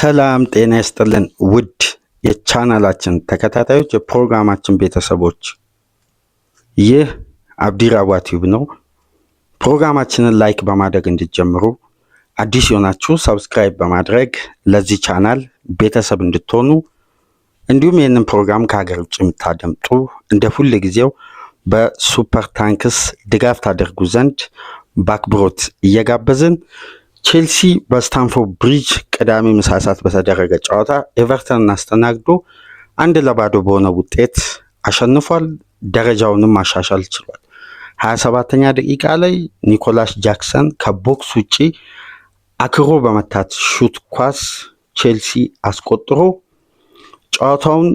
ሰላም ጤና ይስጥልን ውድ የቻናላችን ተከታታዮች የፕሮግራማችን ቤተሰቦች፣ ይህ አብዲራዋ ቲዩብ ነው። ፕሮግራማችንን ላይክ በማድረግ እንድትጀምሩ፣ አዲስ የሆናችሁ ሰብስክራይብ በማድረግ ለዚህ ቻናል ቤተሰብ እንድትሆኑ፣ እንዲሁም ይህንን ፕሮግራም ከሀገር ውጭ የምታደምጡ እንደ ሁል ጊዜው በሱፐር ታንክስ ድጋፍ ታደርጉ ዘንድ በአክብሮት እየጋበዝን ቼልሲ በስታንፎርድ ብሪጅ ቅዳሜ ምሳ ሰዓት በተደረገ ጨዋታ ኤቨርተንን አስተናግዶ አንድ ለባዶ በሆነ ውጤት አሸንፏል። ደረጃውንም ማሻሻል ችሏል። 27ተኛ ደቂቃ ላይ ኒኮላስ ጃክሰን ከቦክስ ውጪ አክሮ በመታት ሹት ኳስ ቼልሲ አስቆጥሮ ጨዋታውን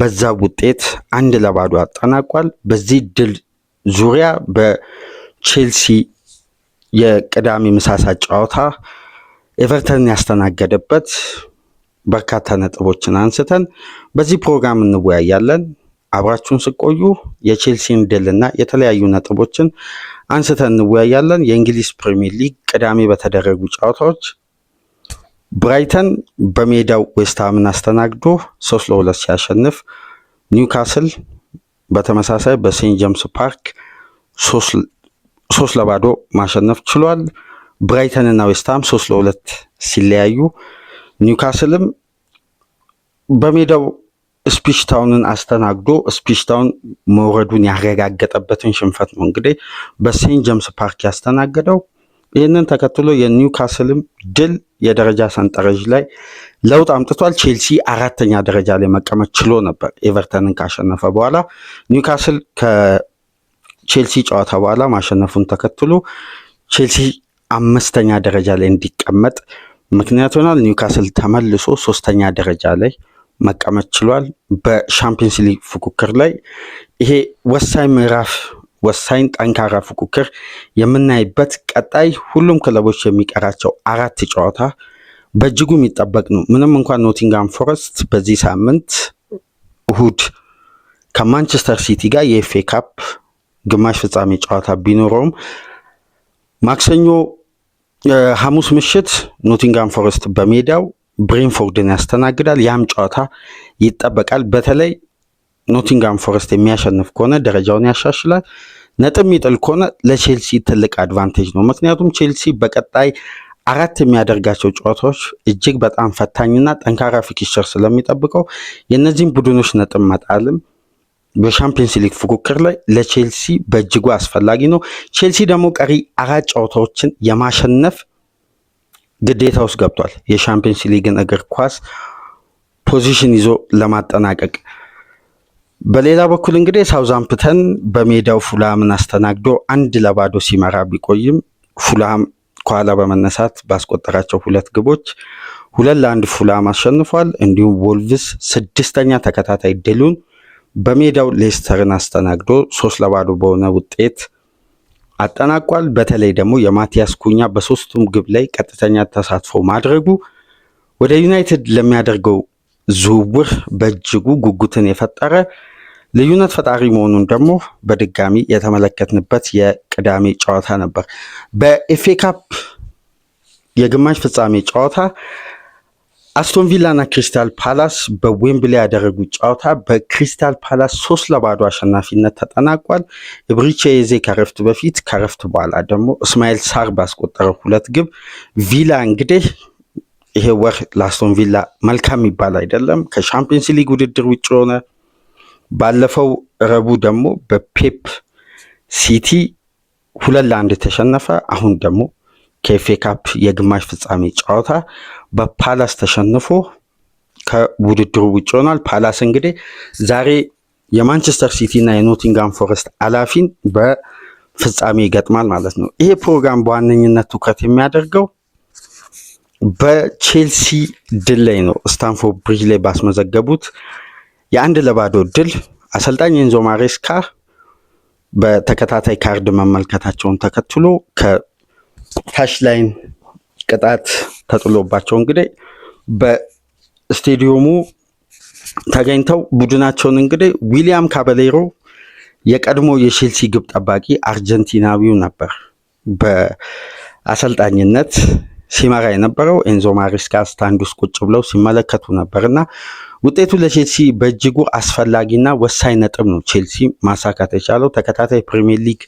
በዛ ውጤት አንድ ለባዶ አጠናቋል። በዚህ ድል ዙሪያ በቼልሲ የቅዳሜ ምሳሳት ጨዋታ ኤቨርተን ያስተናገደበት በርካታ ነጥቦችን አንስተን በዚህ ፕሮግራም እንወያያለን። አብራችሁን ስቆዩ የቼልሲን ድልና የተለያዩ ነጥቦችን አንስተን እንወያያለን። የእንግሊዝ ፕሪሚየር ሊግ ቅዳሜ በተደረጉ ጨዋታዎች ብራይተን በሜዳው ዌስትሃምን አስተናግዶ ሶስት ለሁለት ሲያሸንፍ ኒውካስል በተመሳሳይ በሴንት ጀምስ ፓርክ ሶስት ሶስት ለባዶ ማሸነፍ ችሏል። ብራይተን እና ዌስትሃም ሶስት ለሁለት ሲለያዩ ኒውካስልም በሜዳው ስፒሽታውንን አስተናግዶ ስፒሽታውን መውረዱን ያረጋገጠበትን ሽንፈት ነው እንግዲህ በሴንት ጀምስ ፓርክ ያስተናገደው። ይህንን ተከትሎ የኒውካስልም ድል የደረጃ ሰንጠረዥ ላይ ለውጥ አምጥቷል። ቼልሲ አራተኛ ደረጃ ላይ መቀመጥ ችሎ ነበር ኤቨርተንን ካሸነፈ በኋላ ኒውካስል ቼልሲ ጨዋታ በኋላ ማሸነፉን ተከትሎ ቼልሲ አምስተኛ ደረጃ ላይ እንዲቀመጥ ምክንያት ሆናል። ኒውካስል ተመልሶ ሶስተኛ ደረጃ ላይ መቀመጥ ችሏል። በሻምፒየንስ ሊግ ፉክክር ላይ ይሄ ወሳኝ ምዕራፍ ወሳኝ ጠንካራ ፉክክር የምናይበት ቀጣይ ሁሉም ክለቦች የሚቀራቸው አራት ጨዋታ በእጅጉ የሚጠበቅ ነው። ምንም እንኳን ኖቲንጋም ፎረስት በዚህ ሳምንት እሁድ ከማንቸስተር ሲቲ ጋር የኤፍ ካፕ ግማሽ ፍጻሜ ጨዋታ ቢኖረውም ማክሰኞ ሐሙስ ምሽት ኖቲንጋም ፎረስት በሜዳው ብሬንፎርድን ያስተናግዳል። ያም ጨዋታ ይጠበቃል። በተለይ ኖቲንጋም ፎረስት የሚያሸንፍ ከሆነ ደረጃውን ያሻሽላል። ነጥብ ይጥል ከሆነ ለቼልሲ ትልቅ አድቫንቴጅ ነው። ምክንያቱም ቼልሲ በቀጣይ አራት የሚያደርጋቸው ጨዋታዎች እጅግ በጣም ፈታኝና ጠንካራ ፊክስቸር ስለሚጠብቀው የእነዚህም ቡድኖች ነጥብ መጣልም በሻምፒየንስ ሊግ ፉክክር ላይ ለቼልሲ በእጅጉ አስፈላጊ ነው። ቼልሲ ደግሞ ቀሪ አራት ጨዋታዎችን የማሸነፍ ግዴታ ውስጥ ገብቷል። የሻምፒየንስ ሊግን እግር ኳስ ፖዚሽን ይዞ ለማጠናቀቅ በሌላ በኩል እንግዲህ ሳውዛምፕተን በሜዳው ፉላምን አስተናግዶ አንድ ለባዶ ሲመራ ቢቆይም ፉላም ከኋላ በመነሳት ባስቆጠራቸው ሁለት ግቦች ሁለት ለአንድ ፉላም አሸንፏል። እንዲሁም ወልቭስ ስድስተኛ ተከታታይ ድሉን በሜዳው ሌስተርን አስተናግዶ ሶስት ለባዶ በሆነ ውጤት አጠናቋል። በተለይ ደግሞ የማቲያስ ኩኛ በሶስቱም ግብ ላይ ቀጥተኛ ተሳትፎ ማድረጉ ወደ ዩናይትድ ለሚያደርገው ዝውውር በእጅጉ ጉጉትን የፈጠረ ልዩነት ፈጣሪ መሆኑን ደግሞ በድጋሚ የተመለከትንበት የቅዳሜ ጨዋታ ነበር። በኤፍኤ ካፕ የግማሽ ፍጻሜ ጨዋታ አስቶን ቪላ እና ክሪስታል ፓላስ በዌምብሌ ያደረጉት ጨዋታ በክሪስታል ፓላስ ሶስት ለባዶ አሸናፊነት ተጠናቋል። ኢብሪቼ ኤዜ ከረፍት በፊት ከረፍት በኋላ ደግሞ እስማኤል ሳር ባስቆጠረው ሁለት ግብ ቪላ እንግዲህ ይሄ ወር ለአስቶን ቪላ መልካም የሚባል አይደለም። ከሻምፒየንስ ሊግ ውድድር ውጭ ሆነ። ባለፈው ረቡዕ ደግሞ በፔፕ ሲቲ ሁለት ለአንድ ተሸነፈ። አሁን ደግሞ ከኤፍኤ ካፕ የግማሽ ፍጻሜ ጨዋታ በፓላስ ተሸንፎ ከውድድሩ ውጭ ሆኗል። ፓላስ እንግዲህ ዛሬ የማንቸስተር ሲቲ እና የኖቲንጋም ፎረስት አላፊን በፍጻሜ ይገጥማል ማለት ነው። ይሄ ፕሮግራም በዋነኝነት ትኩረት የሚያደርገው በቼልሲ ድል ላይ ነው። ስታንፎርድ ብሪጅ ላይ ባስመዘገቡት የአንድ ለባዶ ድል አሰልጣኝ ኤንዞ ማሬስካ በተከታታይ ካርድ መመልከታቸውን ተከትሎ ላይን ቅጣት ተጥሎባቸው እንግዲህ በስቴዲየሙ ተገኝተው ቡድናቸውን እንግዲህ ዊሊያም ካበሌሮ የቀድሞ የቼልሲ ግብ ጠባቂ አርጀንቲናዊው ነበር። በአሰልጣኝነት ሲመራ የነበረው ኤንዞ ማሪስካ ስታንድ ውስጥ ቁጭ ብለው ሲመለከቱ ነበር እና ውጤቱ ለቼልሲ በእጅጉ አስፈላጊና ወሳኝ ነጥብ ነው። ቼልሲ ማሳካት የቻለው ተከታታይ ፕሪሚየር ሊግ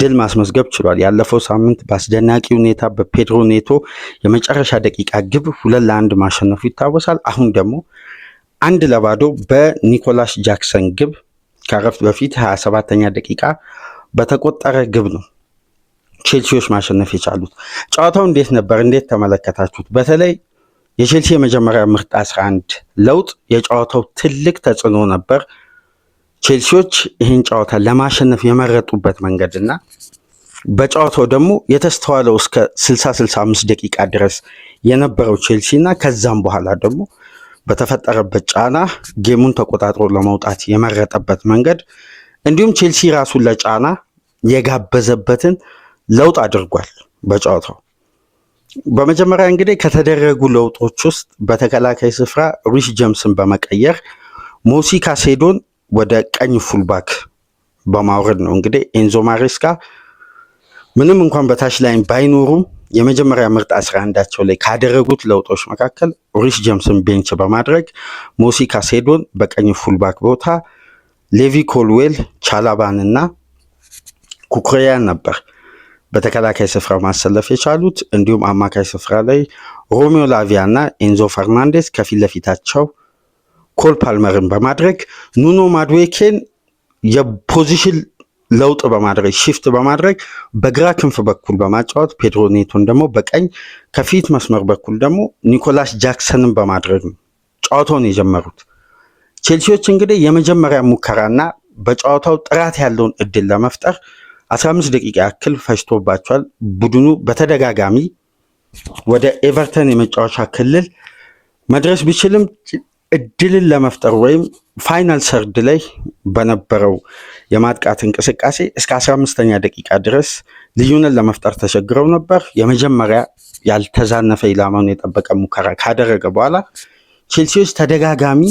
ድል ማስመዝገብ ችሏል። ያለፈው ሳምንት በአስደናቂ ሁኔታ በፔድሮ ኔቶ የመጨረሻ ደቂቃ ግብ ሁለት ለአንድ ማሸነፉ ይታወሳል። አሁን ደግሞ አንድ ለባዶ በኒኮላስ ጃክሰን ግብ ከረፍት በፊት 27ኛ ደቂቃ በተቆጠረ ግብ ነው ቼልሲዎች ማሸነፍ የቻሉት። ጨዋታው እንዴት ነበር? እንዴት ተመለከታችሁት? በተለይ የቼልሲ የመጀመሪያ ምርጥ 11 ለውጥ የጨዋታው ትልቅ ተጽዕኖ ነበር። ቼልሲዎች ይህን ጨዋታ ለማሸነፍ የመረጡበት መንገድና በጨዋታው ደግሞ የተስተዋለው እስከ 60 65 ደቂቃ ድረስ የነበረው ቼልሲ እና ከዛም በኋላ ደግሞ በተፈጠረበት ጫና ጌሙን ተቆጣጥሮ ለመውጣት የመረጠበት መንገድ እንዲሁም ቼልሲ ራሱን ለጫና የጋበዘበትን ለውጥ አድርጓል። በጨዋታው በመጀመሪያ እንግዲህ ከተደረጉ ለውጦች ውስጥ በተከላካይ ስፍራ ሪስ ጀምስን በመቀየር ሞሲ ካሴዶን ወደ ቀኝ ፉልባክ በማውረድ ነው። እንግዲህ ኤንዞ ማሬስካ ምንም እንኳን በታች ላይን ባይኖሩም የመጀመሪያ ምርጥ አስራ አንዳቸው ላይ ካደረጉት ለውጦች መካከል ሪስ ጀምስን ቤንች በማድረግ ሞሲ ካሴዶን በቀኝ ፉልባክ ቦታ ሌቪ ኮልዌል፣ ቻላባን እና ኩኩሬያን ነበር በተከላካይ ስፍራ ማሰለፍ የቻሉት። እንዲሁም አማካይ ስፍራ ላይ ሮሜዮ ላቪያ እና ኤንዞ ፈርናንዴስ ከፊት ለፊታቸው ኮል ፓልመርን በማድረግ ኑኖ ማድዌኬን የፖዚሽን ለውጥ በማድረግ ሺፍት በማድረግ በግራ ክንፍ በኩል በማጫወት ፔድሮ ኔቶን ደግሞ በቀኝ ከፊት መስመር በኩል ደግሞ ኒኮላስ ጃክሰንን በማድረግ ነው ጨዋታውን የጀመሩት። ቼልሲዎች እንግዲህ የመጀመሪያ ሙከራና በጨዋታው ጥራት ያለውን እድል ለመፍጠር 15 ደቂቃ ያክል ፈጅቶባቸዋል። ቡድኑ በተደጋጋሚ ወደ ኤቨርተን የመጫወቻ ክልል መድረስ ቢችልም እድልን ለመፍጠር ወይም ፋይናል ሰርድ ላይ በነበረው የማጥቃት እንቅስቃሴ እስከ 15ኛ ደቂቃ ድረስ ልዩነት ለመፍጠር ተቸግረው ነበር። የመጀመሪያ ያልተዛነፈ ኢላማን የጠበቀ ሙከራ ካደረገ በኋላ ቼልሲዎች ተደጋጋሚ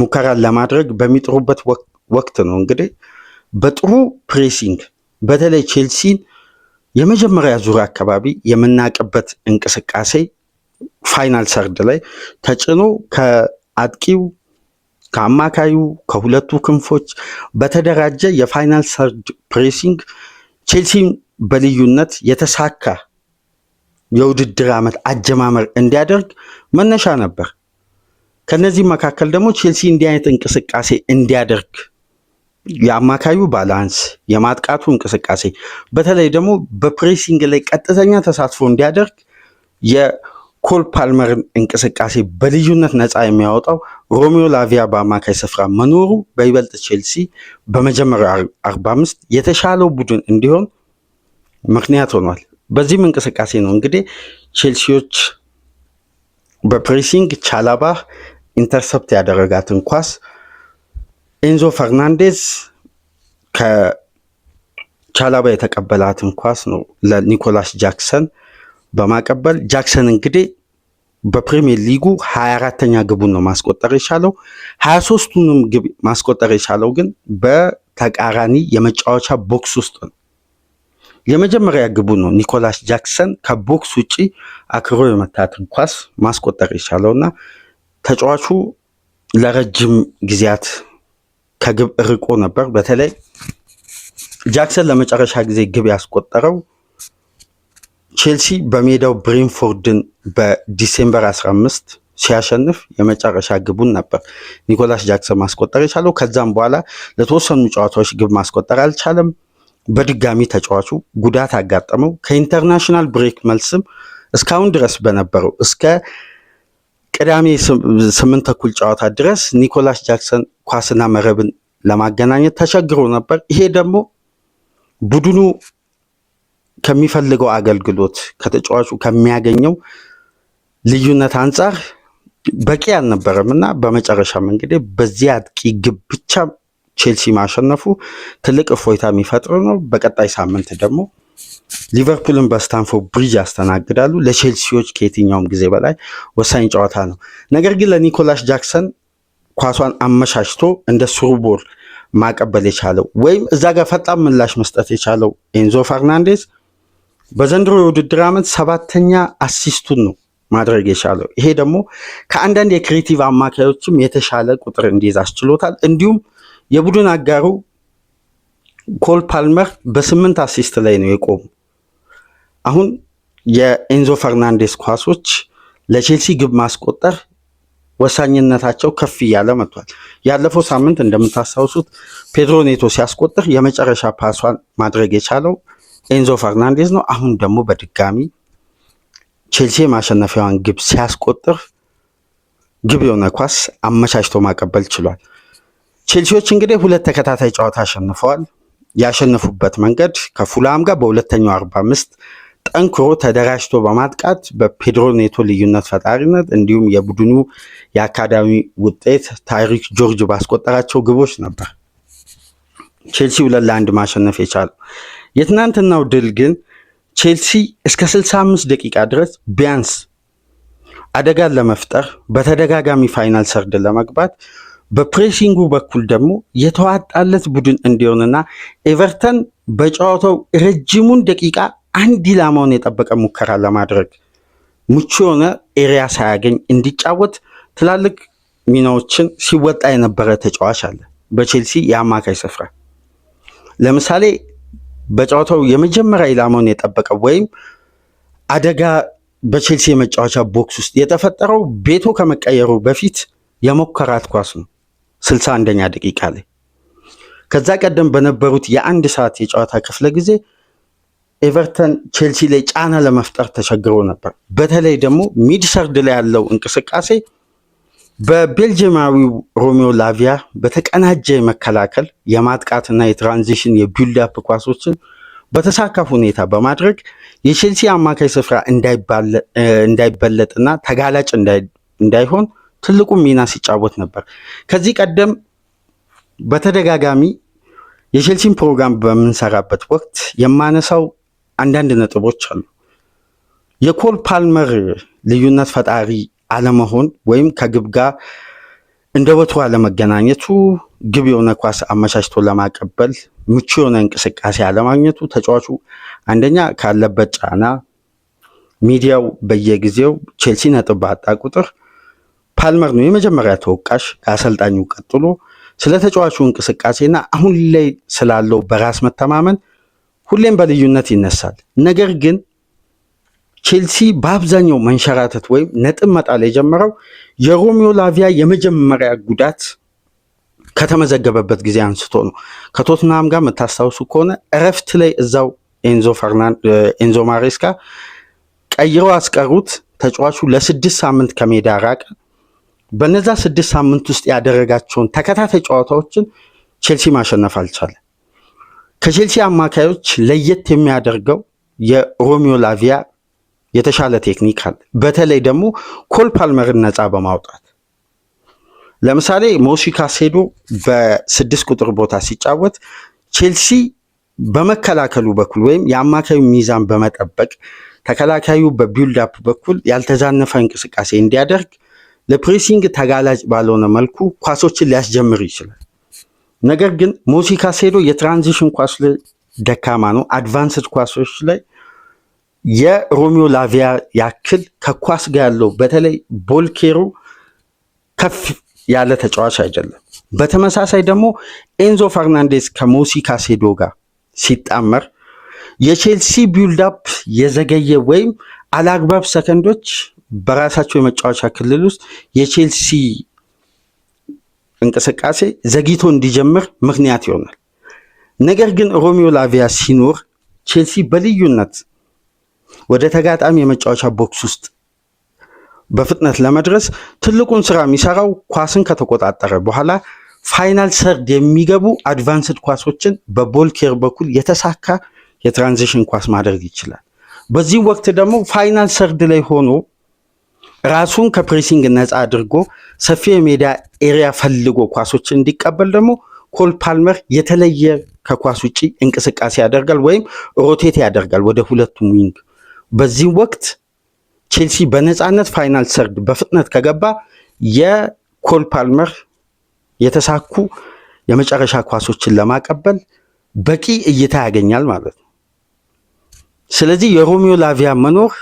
ሙከራን ለማድረግ በሚጥሩበት ወቅት ነው እንግዲህ በጥሩ ፕሬሲንግ በተለይ ቼልሲን የመጀመሪያ ዙር አካባቢ የምናቅበት እንቅስቃሴ ፋይናል ሰርድ ላይ ተጭኖ ከአጥቂው ከአማካዩ ከሁለቱ ክንፎች በተደራጀ የፋይናል ሰርድ ፕሬሲንግ ቼልሲን በልዩነት የተሳካ የውድድር ዓመት አጀማመር እንዲያደርግ መነሻ ነበር። ከነዚህ መካከል ደግሞ ቼልሲ እንዲህ አይነት እንቅስቃሴ እንዲያደርግ የአማካዩ ባላንስ፣ የማጥቃቱ እንቅስቃሴ፣ በተለይ ደግሞ በፕሬሲንግ ላይ ቀጥተኛ ተሳትፎ እንዲያደርግ ኮል ፓልመርን እንቅስቃሴ በልዩነት ነፃ የሚያወጣው ሮሚዮ ላቪያ በአማካይ ስፍራ መኖሩ በይበልጥ ቼልሲ በመጀመሪያው 45 የተሻለው ቡድን እንዲሆን ምክንያት ሆኗል። በዚህም እንቅስቃሴ ነው እንግዲህ ቼልሲዎች በፕሬሲንግ ቻላባ ኢንተርሰፕት ያደረጋትን ኳስ ኤንዞ ፈርናንዴዝ ከቻላባ የተቀበላትን ኳስ ነው ለኒኮላስ ጃክሰን በማቀበል ጃክሰን እንግዲህ በፕሪሚየር ሊጉ 24ተኛ ግቡን ነው ማስቆጠር የቻለው። 23ቱንም ግብ ማስቆጠር የቻለው ግን በተቃራኒ የመጫወቻ ቦክስ ውስጥ ነው። የመጀመሪያ ግቡ ነው ኒኮላስ ጃክሰን ከቦክስ ውጪ አክሮ የመታትን ኳስ ማስቆጠር የቻለውና ተጫዋቹ ለረጅም ጊዜያት ከግብ ርቆ ነበር። በተለይ ጃክሰን ለመጨረሻ ጊዜ ግብ ያስቆጠረው ቼልሲ በሜዳው ብሬንፎርድን በዲሴምበር 15 ሲያሸንፍ የመጨረሻ ግቡን ነበር ኒኮላስ ጃክሰን ማስቆጠር የቻለው። ከዛም በኋላ ለተወሰኑ ጨዋታዎች ግብ ማስቆጠር አልቻለም። በድጋሚ ተጫዋቹ ጉዳት አጋጠመው። ከኢንተርናሽናል ብሬክ መልስም እስካሁን ድረስ በነበረው እስከ ቅዳሜ ስምንት ተኩል ጨዋታ ድረስ ኒኮላስ ጃክሰን ኳስና መረብን ለማገናኘት ተቸግሮ ነበር። ይሄ ደግሞ ቡድኑ ከሚፈልገው አገልግሎት ከተጫዋቹ ከሚያገኘው ልዩነት አንጻር በቂ አልነበረም እና በመጨረሻም እንግዲህ በዚህ አጥቂ ግብ ብቻ ቼልሲ ማሸነፉ ትልቅ እፎይታ የሚፈጥር ነው። በቀጣይ ሳምንት ደግሞ ሊቨርፑልን በስታንፎርድ ብሪጅ ያስተናግዳሉ። ለቼልሲዎች ከየትኛውም ጊዜ በላይ ወሳኝ ጨዋታ ነው። ነገር ግን ለኒኮላስ ጃክሰን ኳሷን አመሻሽቶ እንደ ሱሩቦል ማቀበል የቻለው ወይም እዛ ጋር ፈጣን ምላሽ መስጠት የቻለው ኤንዞ ፈርናንዴዝ በዘንድሮ የውድድር ዓመት ሰባተኛ አሲስቱን ነው ማድረግ የቻለው። ይሄ ደግሞ ከአንዳንድ የክሬቲቭ አማካዮችም የተሻለ ቁጥር እንዲይዝ አስችሎታል። እንዲሁም የቡድን አጋሩ ኮል ፓልመር በስምንት አሲስት ላይ ነው የቆሙ። አሁን የኤንዞ ፈርናንዴስ ኳሶች ለቼልሲ ግብ ማስቆጠር ወሳኝነታቸው ከፍ እያለ መጥቷል። ያለፈው ሳምንት እንደምታስታውሱት ፔድሮ ኔቶ ሲያስቆጥር የመጨረሻ ፓሷን ማድረግ የቻለው ኤንዞ ፈርናንዴዝ ነው። አሁን ደግሞ በድጋሚ ቼልሲ ማሸነፊያዋን ግብ ሲያስቆጥር ግብ የሆነ ኳስ አመቻችቶ ማቀበል ችሏል። ቼልሲዎች እንግዲህ ሁለት ተከታታይ ጨዋታ አሸንፈዋል። ያሸነፉበት መንገድ ከፉላም ጋር በሁለተኛው 45 ጠንክሮ ተደራጅቶ በማጥቃት በፔድሮ ኔቶ ልዩነት ፈጣሪነት እንዲሁም የቡድኑ የአካዳሚ ውጤት ታይሪክ ጆርጅ ባስቆጠራቸው ግቦች ነበር ቼልሲ ሁለት ለአንድ ማሸነፍ የቻለው። የትናንትናው ድል ግን ቼልሲ እስከ 65 ደቂቃ ድረስ ቢያንስ አደጋን ለመፍጠር በተደጋጋሚ ፋይናል ሰርድ ለመግባት በፕሬሲንጉ በኩል ደግሞ የተዋጣለት ቡድን እንዲሆንና ኤቨርተን በጨዋታው ረጅሙን ደቂቃ አንድ ኢላማውን የጠበቀ ሙከራ ለማድረግ ምቹ የሆነ ኤሪያ ሳያገኝ እንዲጫወት ትላልቅ ሚናዎችን ሲወጣ የነበረ ተጫዋች አለ በቼልሲ የአማካይ ስፍራ። ለምሳሌ በጨዋታው የመጀመሪያ ኢላማውን የጠበቀ ወይም አደጋ በቼልሲ የመጫወቻ ቦክስ ውስጥ የተፈጠረው ቤቶ ከመቀየሩ በፊት የሞከራት ኳስ ነው። ስልሳ አንደኛ ደቂቃ ላይ ከዛ ቀደም በነበሩት የአንድ ሰዓት የጨዋታ ክፍለ ጊዜ ኤቨርተን ቼልሲ ላይ ጫና ለመፍጠር ተቸግሮ ነበር። በተለይ ደግሞ ሚድሰርድ ላይ ያለው እንቅስቃሴ በቤልጅየማዊው ሮሚዮ ላቪያ በተቀናጀ መከላከል የማጥቃትና የትራንዚሽን የቢልዳፕ ኳሶችን በተሳካ ሁኔታ በማድረግ የቼልሲ አማካይ ስፍራ እንዳይበለጥና ተጋላጭ እንዳይሆን ትልቁ ሚና ሲጫወት ነበር። ከዚህ ቀደም በተደጋጋሚ የቼልሲን ፕሮግራም በምንሰራበት ወቅት የማነሳው አንዳንድ ነጥቦች አሉ። የኮል ፓልመር ልዩነት ፈጣሪ አለመሆን ወይም ከግብ ጋር እንደ ቦታው አለመገናኘቱ ግብ የሆነ ኳስ አመቻችቶ ለማቀበል ምቹ የሆነ እንቅስቃሴ አለማግኘቱ ተጫዋቹ አንደኛ ካለበት ጫና ሚዲያው በየጊዜው ቼልሲ ነጥብ ባጣ ቁጥር ፓልመር ነው የመጀመሪያ ተወቃሽ ከአሰልጣኙ ቀጥሎ ስለ ተጫዋቹ እንቅስቃሴና አሁን ላይ ስላለው በራስ መተማመን ሁሌም በልዩነት ይነሳል። ነገር ግን ቼልሲ በአብዛኛው መንሸራተት ወይም ነጥብ መጣል የጀመረው የሮሚዮ ላቪያ የመጀመሪያ ጉዳት ከተመዘገበበት ጊዜ አንስቶ ነው። ከቶትናም ጋር የምታስታውሱ ከሆነ እረፍት ላይ እዛው ኤንዞ ማሬስካ ቀይረው አስቀሩት። ተጫዋቹ ለስድስት ሳምንት ከሜዳ ራቀ። በነዛ ስድስት ሳምንት ውስጥ ያደረጋቸውን ተከታታይ ጨዋታዎችን ቼልሲ ማሸነፍ አልቻለ። ከቼልሲ አማካዮች ለየት የሚያደርገው የሮሚዮ ላቪያ የተሻለ ቴክኒክ አለ። በተለይ ደግሞ ኮል ፓልመርን ነፃ በማውጣት ለምሳሌ ሞሲ ካሴዶ በስድስት ቁጥር ቦታ ሲጫወት ቼልሲ በመከላከሉ በኩል ወይም የአማካዩ ሚዛን በመጠበቅ ተከላካዩ በቢልድ አፕ በኩል ያልተዛነፈ እንቅስቃሴ እንዲያደርግ ለፕሬሲንግ ተጋላጭ ባልሆነ መልኩ ኳሶችን ሊያስጀምር ይችላል። ነገር ግን ሞሲ ካሴዶ የትራንዚሽን ኳስ ላይ ደካማ ነው። አድቫንስድ ኳሶች ላይ የሮሚዮ ላቪያ ያክል ከኳስ ጋር ያለው በተለይ ቦልኬሩ ከፍ ያለ ተጫዋች አይደለም። በተመሳሳይ ደግሞ ኤንዞ ፈርናንዴስ ከሞሲ ካሴዶ ጋር ሲጣመር የቼልሲ ቢልድፕ የዘገየ ወይም አላግባብ ሰከንዶች በራሳቸው የመጫወቻ ክልል ውስጥ የቼልሲ እንቅስቃሴ ዘግይቶ እንዲጀምር ምክንያት ይሆናል። ነገር ግን ሮሚዮ ላቪያ ሲኖር ቼልሲ በልዩነት ወደ ተጋጣሚ የመጫወቻ ቦክስ ውስጥ በፍጥነት ለመድረስ ትልቁን ስራ የሚሰራው ኳስን ከተቆጣጠረ በኋላ ፋይናል ሰርድ የሚገቡ አድቫንስድ ኳሶችን በቦልኬር በኩል የተሳካ የትራንዚሽን ኳስ ማድረግ ይችላል። በዚህ ወቅት ደግሞ ፋይናል ሰርድ ላይ ሆኖ ራሱን ከፕሬሲንግ ነፃ አድርጎ ሰፊ የሜዳ ኤሪያ ፈልጎ ኳሶችን እንዲቀበል ደግሞ ኮል ፓልመር የተለየ ከኳስ ውጭ እንቅስቃሴ ያደርጋል ወይም ሮቴት ያደርጋል ወደ ሁለቱም ዊንግ በዚህ ወቅት ቼልሲ በነፃነት ፋይናል ሰርድ በፍጥነት ከገባ የኮል ፓልመር የተሳኩ የመጨረሻ ኳሶችን ለማቀበል በቂ እይታ ያገኛል ማለት ነው። ስለዚህ የሮሚዮ ላቪያ መኖር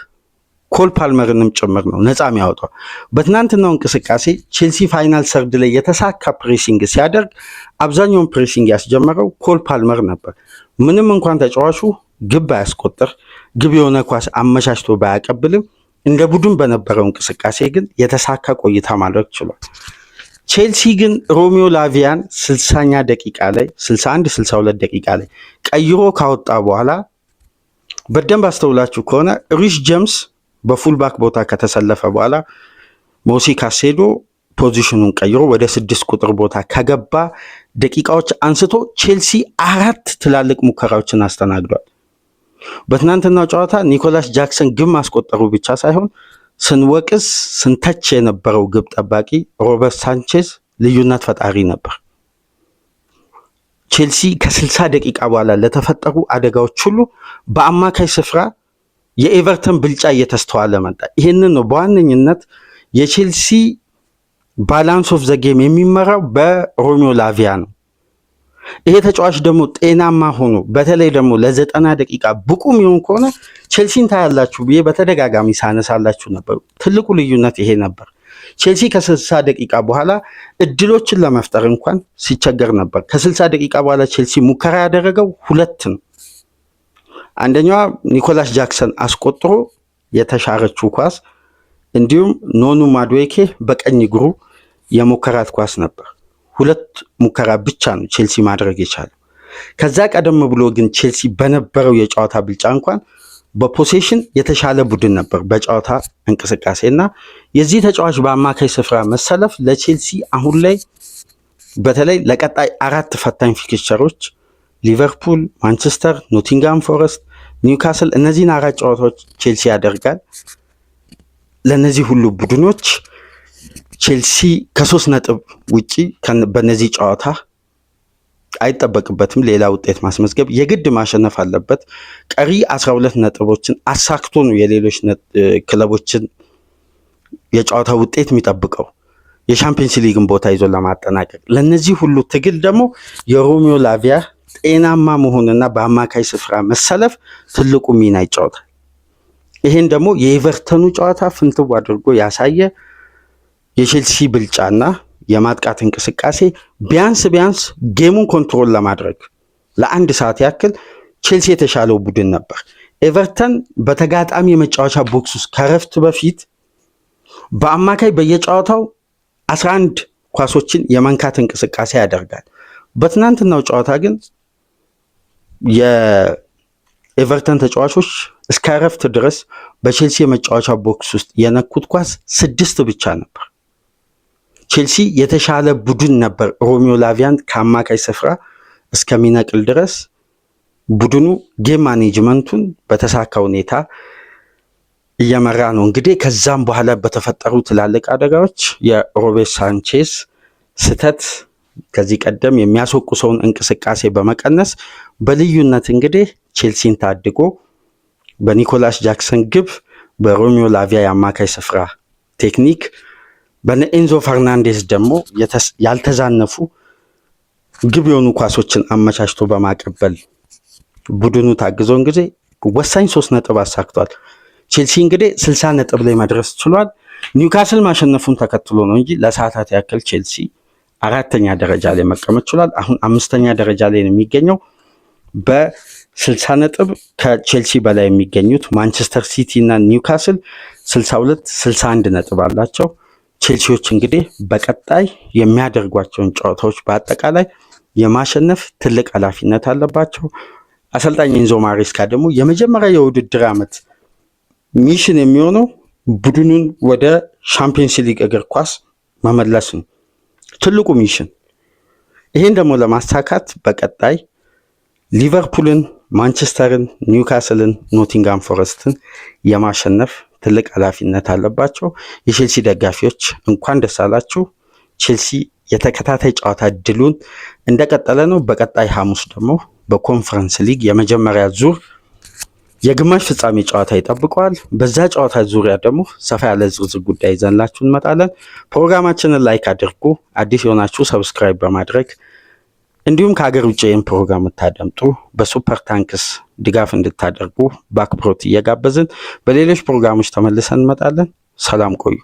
ኮል ፓልመርንም ጭምር ነው ነፃ የሚያወጣው። በትናንትናው እንቅስቃሴ ቼልሲ ፋይናል ሰርድ ላይ የተሳካ ፕሬሲንግ ሲያደርግ አብዛኛውን ፕሬሲንግ ያስጀመረው ኮል ፓልመር ነበር። ምንም እንኳን ተጫዋቹ ግብ ባያስቆጥር ግብ የሆነ ኳስ አመቻችቶ ባያቀብልም እንደ ቡድን በነበረው እንቅስቃሴ ግን የተሳካ ቆይታ ማድረግ ችሏል። ቼልሲ ግን ሮሚዮ ላቪያን 60ኛ ደቂቃ ላይ 61 62 ደቂቃ ላይ ቀይሮ ካወጣ በኋላ በደንብ አስተውላችሁ ከሆነ ሪሽ ጀምስ በፉልባክ ቦታ ከተሰለፈ በኋላ ሞሲ ካሴዶ ፖዚሽኑን ቀይሮ ወደ ስድስት ቁጥር ቦታ ከገባ ደቂቃዎች አንስቶ ቼልሲ አራት ትላልቅ ሙከራዎችን አስተናግዷል። በትናንትናው ጨዋታ ኒኮላስ ጃክሰን ግብ ማስቆጠሩ ብቻ ሳይሆን ስንወቅስ ስንተች የነበረው ግብ ጠባቂ ሮበርት ሳንቼዝ ልዩነት ፈጣሪ ነበር። ቼልሲ ከ60 ደቂቃ በኋላ ለተፈጠሩ አደጋዎች ሁሉ በአማካይ ስፍራ የኤቨርተን ብልጫ እየተስተዋለ መጣ። ይህንን ነው በዋነኝነት የቼልሲ ባላንስ ኦፍ ዘ ጌም የሚመራው በሮሚዮ ላቪያ ነው። ይሄ ተጫዋች ደግሞ ጤናማ ሆኖ በተለይ ደግሞ ለዘጠና ደቂቃ ብቁ የሚሆን ከሆነ ቼልሲን ታያላችሁ ብዬ በተደጋጋሚ ሳነሳላችሁ ነበር። ትልቁ ልዩነት ይሄ ነበር። ቼልሲ ከስልሳ ደቂቃ በኋላ እድሎችን ለመፍጠር እንኳን ሲቸገር ነበር። ከስልሳ ደቂቃ በኋላ ቼልሲ ሙከራ ያደረገው ሁለት ነው። አንደኛዋ ኒኮላስ ጃክሰን አስቆጥሮ የተሻረችው ኳስ፣ እንዲሁም ኖኑ ማድዌኬ በቀኝ እግሩ የሞከራት ኳስ ነበር። ሁለት ሙከራ ብቻ ነው ቼልሲ ማድረግ የቻለው። ከዛ ቀደም ብሎ ግን ቼልሲ በነበረው የጨዋታ ብልጫ እንኳን በፖሴሽን የተሻለ ቡድን ነበር በጨዋታ እንቅስቃሴ እና የዚህ ተጫዋች በአማካይ ስፍራ መሰለፍ ለቼልሲ አሁን ላይ በተለይ ለቀጣይ አራት ፈታኝ ፊክቸሮች ሊቨርፑል፣ ማንቸስተር፣ ኖቲንጋም ፎረስት፣ ኒውካስል እነዚህን አራት ጨዋታዎች ቼልሲ ያደርጋል። ለእነዚህ ሁሉ ቡድኖች ቼልሲ ከሶስት ነጥብ ውጪ በነዚህ ጨዋታ አይጠበቅበትም ሌላ ውጤት ማስመዝገብ የግድ ማሸነፍ አለበት። ቀሪ 12 ነጥቦችን አሳክቶ ነው የሌሎች ክለቦችን የጨዋታ ውጤት የሚጠብቀው የሻምፒየንስ ሊግን ቦታ ይዞ ለማጠናቀቅ። ለነዚህ ሁሉ ትግል ደግሞ የሮሚዮ ላቪያ ጤናማ መሆንና በአማካይ ስፍራ መሰለፍ ትልቁ ሚና ይጫወታል። ይሄን ደግሞ የኤቨርተኑ ጨዋታ ፍንትው አድርጎ ያሳየ የቼልሲ ብልጫና የማጥቃት እንቅስቃሴ ቢያንስ ቢያንስ ጌሙን ኮንትሮል ለማድረግ ለአንድ ሰዓት ያክል ቼልሲ የተሻለው ቡድን ነበር። ኤቨርተን በተጋጣሚ የመጫወቻ ቦክስ ውስጥ ከረፍት በፊት በአማካይ በየጨዋታው 11 ኳሶችን የመንካት እንቅስቃሴ ያደርጋል። በትናንትናው ጨዋታ ግን የኤቨርተን ተጫዋቾች እስከ ረፍት ድረስ በቼልሲ የመጫወቻ ቦክስ ውስጥ የነኩት ኳስ ስድስት ብቻ ነበር። ቼልሲ የተሻለ ቡድን ነበር። ሮሚዮ ላቪያን ከአማካይ ስፍራ እስከሚነቅል ድረስ ቡድኑ ጌም ማኔጅመንቱን በተሳካ ሁኔታ እየመራ ነው። እንግዲህ ከዛም በኋላ በተፈጠሩ ትላልቅ አደጋዎች የሮቤርት ሳንቼስ ስህተት ከዚህ ቀደም የሚያስወቁ ሰውን እንቅስቃሴ በመቀነስ በልዩነት እንግዲህ ቼልሲን ታድጎ በኒኮላስ ጃክሰን ግብ በሮሚዮ ላቪያ የአማካይ ስፍራ ቴክኒክ በነኤንዞ ፈርናንዴስ ደግሞ ያልተዛነፉ ግብ የሆኑ ኳሶችን አመቻችቶ በማቀበል ቡድኑ ታግዞን ጊዜ ወሳኝ ሶስት ነጥብ አሳክቷል። ቼልሲ እንግዲህ ስልሳ ነጥብ ላይ መድረስ ችሏል። ኒውካስል ማሸነፉን ተከትሎ ነው እንጂ ለሰዓታት ያክል ቼልሲ አራተኛ ደረጃ ላይ መቀመጥ ችሏል። አሁን አምስተኛ ደረጃ ላይ ነው የሚገኘው። በ60 ነጥብ ከቼልሲ በላይ የሚገኙት ማንቸስተር ሲቲ እና ኒውካስል ስልሳ ሁለት ስልሳ አንድ ነጥብ አላቸው። ቼልሲዎች እንግዲህ በቀጣይ የሚያደርጓቸውን ጨዋታዎች በአጠቃላይ የማሸነፍ ትልቅ ኃላፊነት አለባቸው። አሰልጣኝ ኢንዞ ማሬስካ ደግሞ የመጀመሪያ የውድድር ዓመት ሚሽን የሚሆነው ቡድኑን ወደ ሻምፒየንስ ሊግ እግር ኳስ መመለስ ነው ትልቁ ሚሽን። ይሄን ደግሞ ለማሳካት በቀጣይ ሊቨርፑልን፣ ማንቸስተርን፣ ኒውካስልን፣ ኖቲንጋም ፎረስትን የማሸነፍ ትልቅ ኃላፊነት አለባቸው። የቼልሲ ደጋፊዎች እንኳን ደስ አላችሁ። ቼልሲ የተከታታይ ጨዋታ ድሉን እንደቀጠለ ነው። በቀጣይ ሐሙስ ደግሞ በኮንፈረንስ ሊግ የመጀመሪያ ዙር የግማሽ ፍጻሜ ጨዋታ ይጠብቀዋል። በዛ ጨዋታ ዙሪያ ደግሞ ሰፋ ያለ ዝርዝር ጉዳይ ይዘንላችሁ እንመጣለን። ፕሮግራማችንን ላይክ አድርጉ። አዲስ የሆናችሁ ሰብስክራይብ በማድረግ እንዲሁም ከሀገር ውጭ ይህን ፕሮግራም የምታደምጡ በሱፐር ታንክስ ድጋፍ እንድታደርጉ በአክብሮት እየጋበዝን በሌሎች ፕሮግራሞች ተመልሰን እንመጣለን። ሰላም ቆዩ።